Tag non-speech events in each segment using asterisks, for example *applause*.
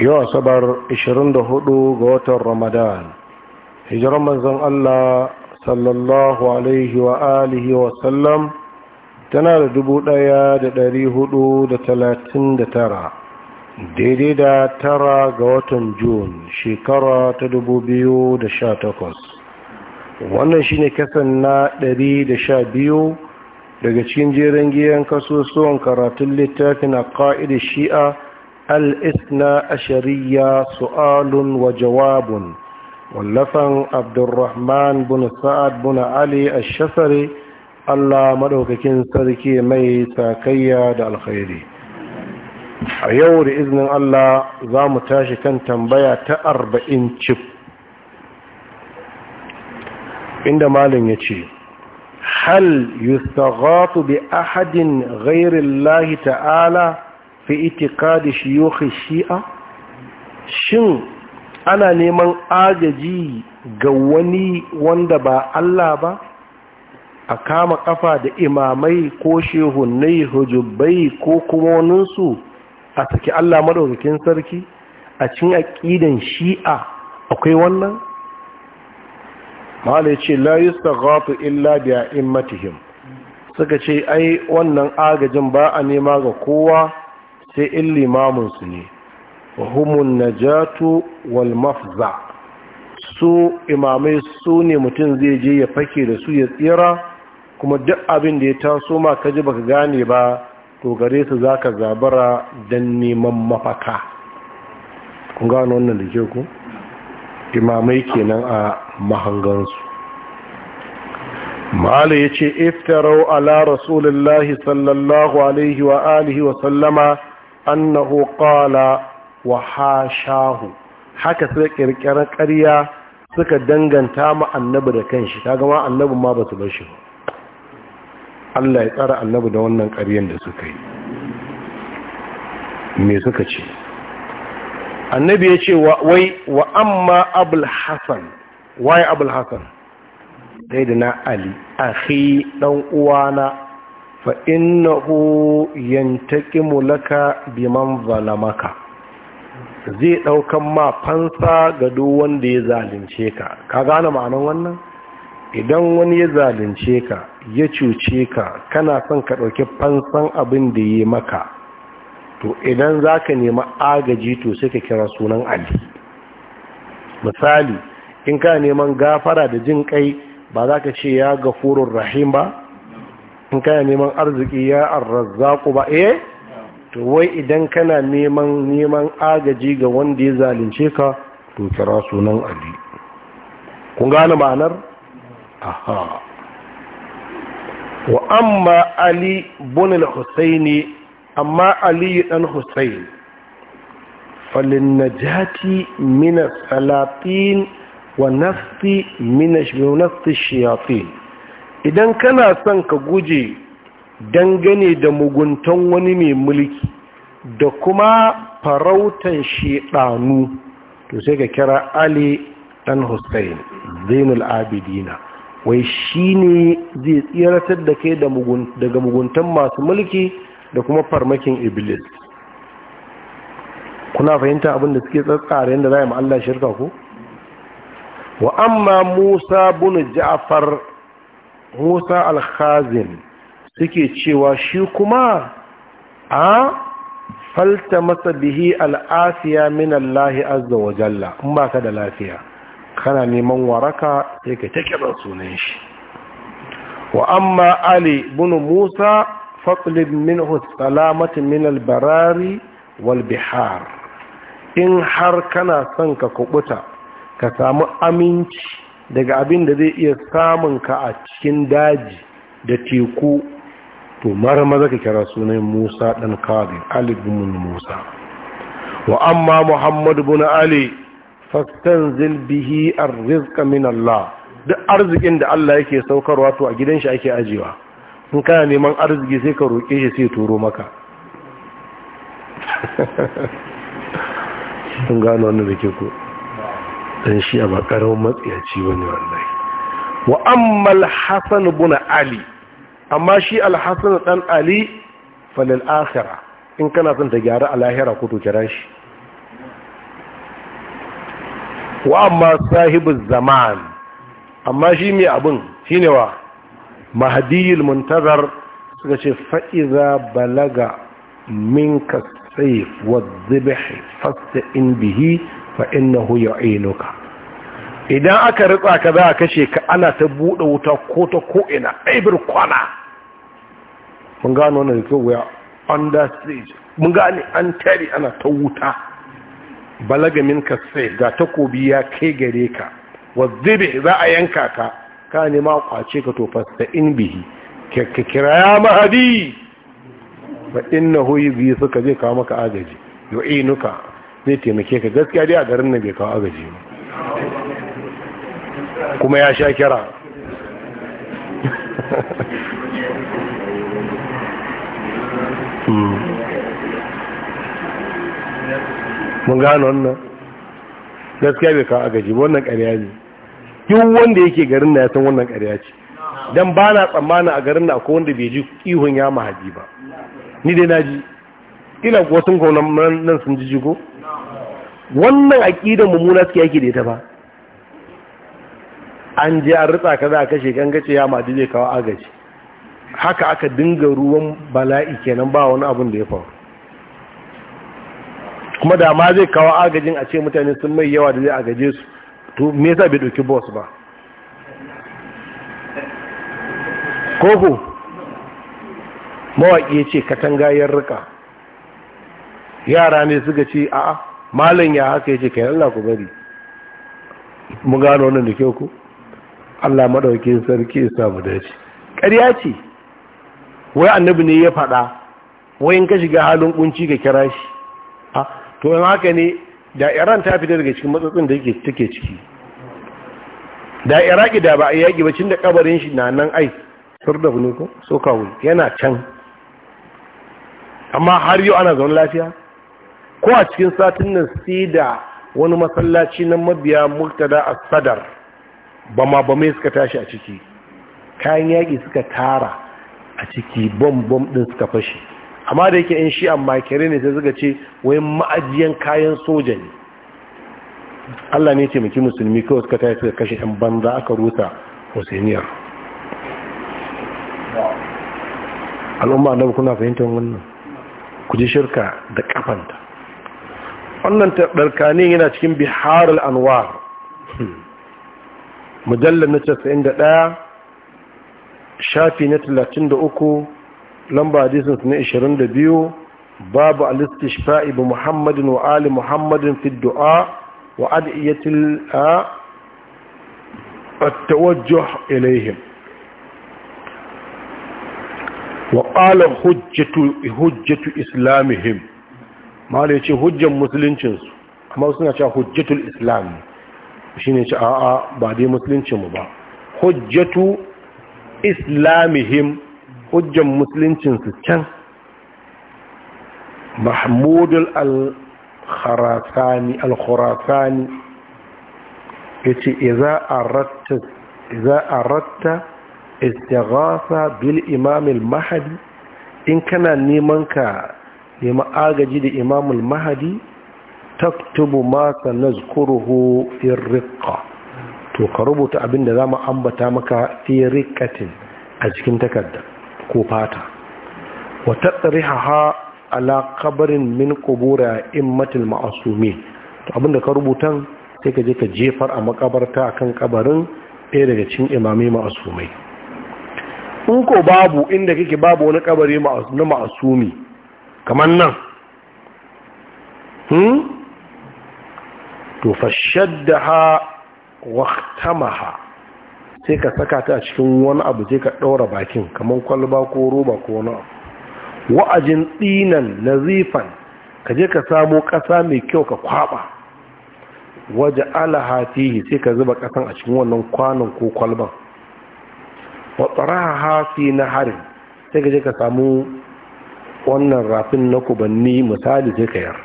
yau asabar 24 ga watan ramadan hijiran manzan allah sallallahu alaihi wa alihi wa sallam tana da dubu ɗaya da ɗari hudu da talatin da tara daidai da tara ga watan Jun shekara ta dubu biyu da sha takwas wannan shine kasan na ɗari da sha biyu daga cikin jerin giyan kasusuwan karatun littafin a ƙa'idar shi'a al'isna a shari'a su'alun wa jawabun wallafan abdurrahman bin sa'ad bin ali a shasare allah maɗaukakin sarki mai sakayya da alkhairi a yau da izinin allah za mu tashi kan tambaya ta arba'in cif inda malin ya ce hal yustaghatu bi ahadin ghairillahi ta'ala fi itikadi shiyukh shi'a shin ana neman agaji ga wani wanda ba Allah ba a kama ƙafa da imamai ko shehunnai hujubbai ko kuma waninsu a saki Allah maɗaukakin sarki a cikin aƙidan shi'a akwai wannan mahala ya ce la gafi illa biya in matihim suka ce ai wannan agajin ba a nema ga kowa sai in limamin su ne wahumun humun najatu wal mafza su imamai su ne mutum zai je ya fake da su ya tsira kuma duk abin da ya taso ma kaji baka gane ba to gare su za ka zabara don neman mafaka kun gano wannan da ke ku imamai kenan a mahangansu mala ya ce iftarau ala rasulullahi sallallahu alaihi wa alihi wa sallama annahu qala wa hashahu haka suka kirkirar ƙarya suka danganta ma annabi da kanshi kaga ma annabi ma basu bar shi ba Allah ya tsara annabi da wannan ƙaryar da suka yi me suka ce annabi ya ce wai wa amma abul hassan waye abul hassan sai da na ali akhi dan uwana fa innahu yantaqimu laka biman zalamaka zai ɗaukan ma fansa ga duk wanda ya zalunce ka ka gane ma'anar wannan idan wani ya zalunce ka ya cuce ka kana son ka ɗauki fansan abin da yi maka to idan za ka nemi agaji to sai ka kira sunan ali misali in ka neman gafara da jin kai ba za ka ce ya gafurur rahim ba in ka neman arziki ya arrazzaku ba eh to wai idan kana neman neman agaji ga wanda ya zalunce ka to kira sunan ali kun gane ma'anar aha wa amma ali bin al-husaini amma aliyu dan hussein falin najati mina salatin wa nafti mina nafti idan kana son ka guje dangane da muguntan wani mai mulki da kuma farautan shiɗanu to sai ka kira ali dan hussein zainul abidina wai shi ne zai tsiratar da kai daga muguntan masu mulki da kuma farmakin iblis kuna fahimta abin da suke tsatsara yadda za a yi Allah shirka ko wa amma musa bin ja'far musa al-khazin suke cewa shi kuma a falta masa bihi al'afiya min Allah azza wa jalla in ba ka da lafiya kana neman waraka sai ka take sunan shi wa amma ali bin musa fatlib minhu salamata min albarari wal bihar in har kana son ka kubuta ka samu aminci daga abin da zai iya samun ka a cikin daji da teku to maza ka kira sunan Musa dan Kabir Ali bin Musa wa amma Muhammad bin Ali fastanzil bihi ar min Allah duk arzikin da Allah yake saukarwa to a gidan shi ake ajewa in ka neman arziki sai ka roƙe shi sai turo maka sun *laughs* gano wani da ke ko dan shi a bakarar matsiyaci wani wallahi wa ammal bu na ali amma shi al-hasan dan ali falil asira in kana son ta gyara a lahira ko to kira shi wa amma sahibin zaman amma shi mai abin ne wa mahadiyul muntazar suka ce fa'iza balaga minka wa wadzibih fasta in bihi fa'in na innahu inuka. idan aka ritsa ka za a kashe ka ana ta buɗe wuta ko ta ko'ina ɗaibir kwana mun gano wannan da kyau under stage mun gane an tare ana ta wuta balaga minka saif ga takobi ya kai gare ka wa wadzibih za a yanka ka ka ma kwace ka to fasta in bihi ka kira ya mahadi fa innahu yubi suka zai kawo maka agaji yu'inuka zai taimake ka gaskiya dai a garin nan bai kawo agaji ba kuma ya sha kira hmm. mun gano wannan gaskiya bai kawo agaji wannan ƙarya ne duk wanda yake garin na ya san wannan ƙarya ce dan ba na tsammana a garin na akwai wanda bai ji ihun ya mahaji ba ni dai na ji ina ko sun kauna nan sun ji jigo wannan aƙidan mummuna suke yake da ita ba an je an ritsa ka za a kashe kan gace ya mahaji zai kawo agaji haka aka dinga ruwan bala'i kenan ba wani abun da ya faru kuma da ma zai kawo agajin a ce mutane sun mai yawa da zai agaje su to me yasa bai dauki boss ba koko mawaƙi ce katanga ya rika yara ne suka ce a malam ya haka ya ce kai Allah ku bari mu gano wannan da kyau ku Allah maɗaukin sarki ya samu dace ƙarya ce wai annabi ne ya faɗa wai in ka shiga halin kunci ka kira shi ah, to in haka ne da iran ta fita daga cikin matsatsin da take ciki da iraki da ba a yaƙi ba cin da kabarin shi na nan ai da ne ko so kawai yana can amma har yau ana zaune lafiya ko a cikin satin nan sai da wani masallaci na mabiya murtada a sadar ba ma ba mai suka tashi a ciki kayan yaƙi suka tara a ciki bom bom din suka fashe amma da yake in shi a makere ne sai suka ce wai ma'ajiyan kayan soja ne Allah ne taimaki musulmi kawai suka tafi suka kashe yan banza aka rusa hussainiyar al'umma na kuna fahimtar wannan ku ji shirka da kafanta wannan tabarkanin yana cikin bihar al'anwar mujallar na 91 shafi na 33 lamba hadisin na 22 babu al-istishfa'i bi Muhammadin wa ali Muhammadin fi du'a wa adiyatil a التوجه إليهم وقال حجة حجة إسلامهم ما ليش حجة amma suna cewa hujjatul islam shine ce a'a ba dai musuluncin mu ba hujjatu islamihim hujjan musuluncinsu can mahmudul al-khurasani ya ce iza a ratta istighasa bil imamil mahadi in kana neman ka nema agaji da imamil mahadi taktubu ma sanazkuruhu fi riqqa to ka rubuta abinda zamu ambata maka fi riqqatin a cikin takarda ko fata wa ha ala kabarin min qubura immatil ma'asumi? to abinda ka rubutan sai ka je ka jefar a makabarta kan kabarin ɗaya daga cin imamai ma'asumai in ko babu inda kake babu wani kabari na ma'asumi kamar nan hmm to fashaddaha waqtamaha sai ka saka ta a cikin wani abu sai ka ɗaura bakin kamar kwalba ko roba ko wani abu wa'ajin na nazifan ka je ka samu ƙasa mai kyau ka kwaba waje ala hafihi sai ka zuba ƙasan a cikin wannan kwanon ko kwalban wa tsara hafi na harin sai ka je ka samu wannan rafin na kubanni misali sai ka yar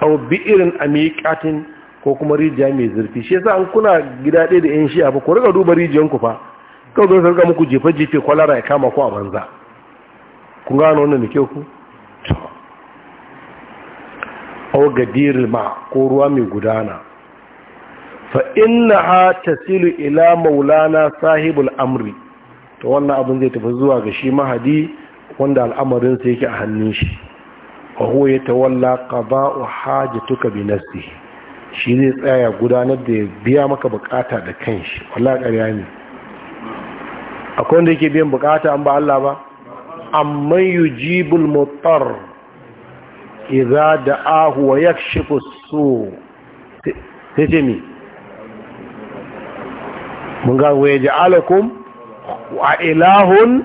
au bi irin amiƙatin ko kuma rijiya mai zurfi shi yasa an kuna gida ɗaya da yan shi'a ba ku riga duba rijiyanku fa kawai zai sarga muku jefe-jefe kwalara ya kama ku a banza ku gano wannan da kyau ku au gadiril ma ko ruwa mai gudana fa ha tasilu ila maulana sahibul amri to wannan abin zai tafi zuwa ga shi mahadi wanda al'amarin sa yake a hannun shi wa huwa yatawalla qada'u hajatuka bi nafsihi shi zai tsaya gudanar da ya biya maka bukata da kanshi wallah ƙarya ne akwai wanda yake biyan bukata an ba Allah ba amma yujibul mutar idza da'ahu wa yakshifu su sai ce mi mun ga wa yaj'alukum wa ilahun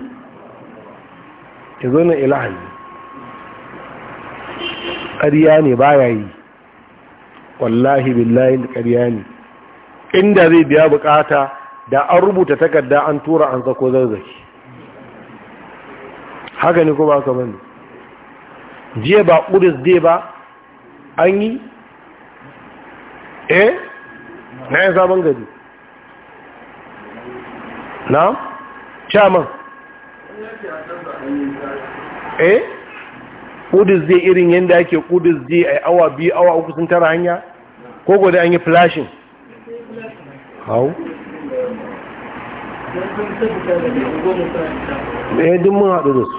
yanzu na ilahi ƙarya ne baya yi wallahi billahi ƙarya ne inda zai biya bukata da an rubuta takarda an tura an zako zarzaki haka ne ko ba ka bane jiya ba ƙudus dai ba an yi eh na yin sabon gari na chairman eh kudus zai irin yadda ake kudus zai a awa biyu awa uku sun tara hanya ko gwada an yi flashing hau da ya dimmin haɗu da su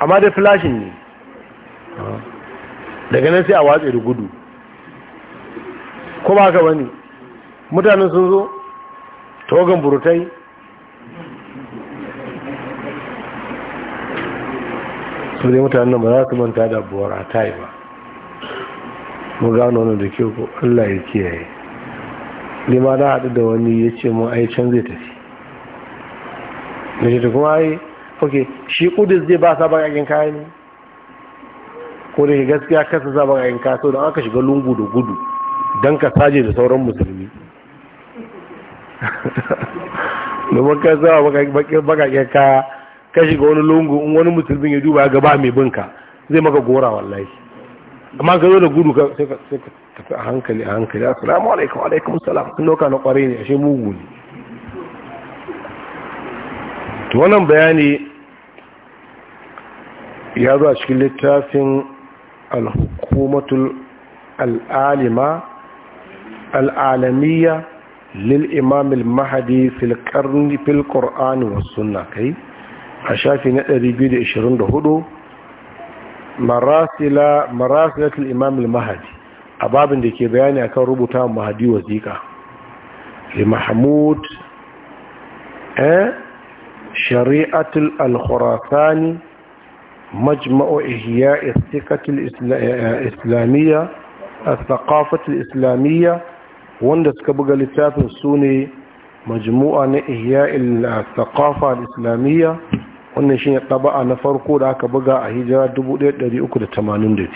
amma da flashing ne daga nan sai a watsa da gudu ko ba ka wani mutanen sun zo Togon burutai su ne mutanen ba za su manta da buwar a tayi ba mu gano wani da ke ko allah ya kiyaye ma na haɗu da wani ya ce mu ai can zai tafi da shi kuma ai ok shi kudus zai ba sa yakin kaya ne ko da gaskiya kasa sa yakin kaya so don aka shiga lungu da gudu don ka saje da sauran musulmi *laughs* domin kai zuwa bakakin kaya ka shiga wani lungu in wani musulmin ya duba ga ba mai binka zai maka gora wallahi amma ka zo da gudu ka sai ka tafi a hankali a hankali assalamu alaikum alaikum salam sun doka na kwarai ne ashe mugu ne to wannan bayani ya zo a cikin littafin al-hukumatul al lil imamil mahadi mahdi fil qarni fil qur'an was sunnah kai a shafi na 224 marasila marasilatul imam al-mahdi a babin da ke bayani akan rubuta mahdi wasiqa li mahmud eh shari'atul al-khurasani majma'u ihya' eh, islamiyya al islamiyya wanda suka buga littafin sune majmu'a na ihya' al-thaqafa al-islamiyya wannan shi ne ɗaba'a na farko da aka buga a hijira 1382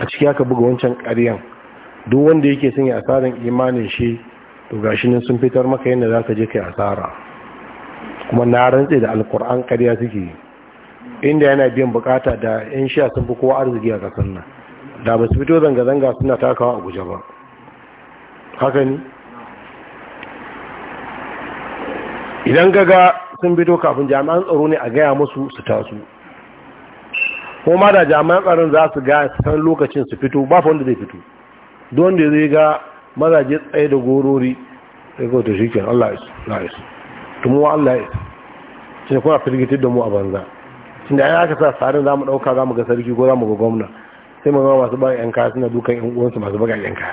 a ciki aka buga wancan ƙaryan duk wanda yake sun yi asarar imanin shi to gashi nan sun fitar maka yadda za ka je kai asara kuma na rantse da alkur'an ƙarya suke yi inda yana biyan bukata da 'yan shiya sun fi kowa arziki a ƙasar nan da ba fito zanga-zanga suna takawa a guje ba haka idan gaga sun bido kafin jami'an tsaro ne a gaya musu su taso kuma da jami'an tsaron za su su san lokacin su fito ba fa wanda zai fito don da zai ga mazaje tsaye da gorori sai ko shi ke Allah ya na su tumu Allah ya shi kuma firgitar da mu a banza da ya aka sa tsarin ɗauka dauka mu ga sarki ko mu ga gwamna sai mu ga masu ba yanka suna dukan yan uwansu masu ba yanka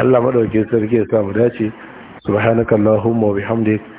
Allah madauke sarki ya sa mu dace subhanakallahumma wa bihamdika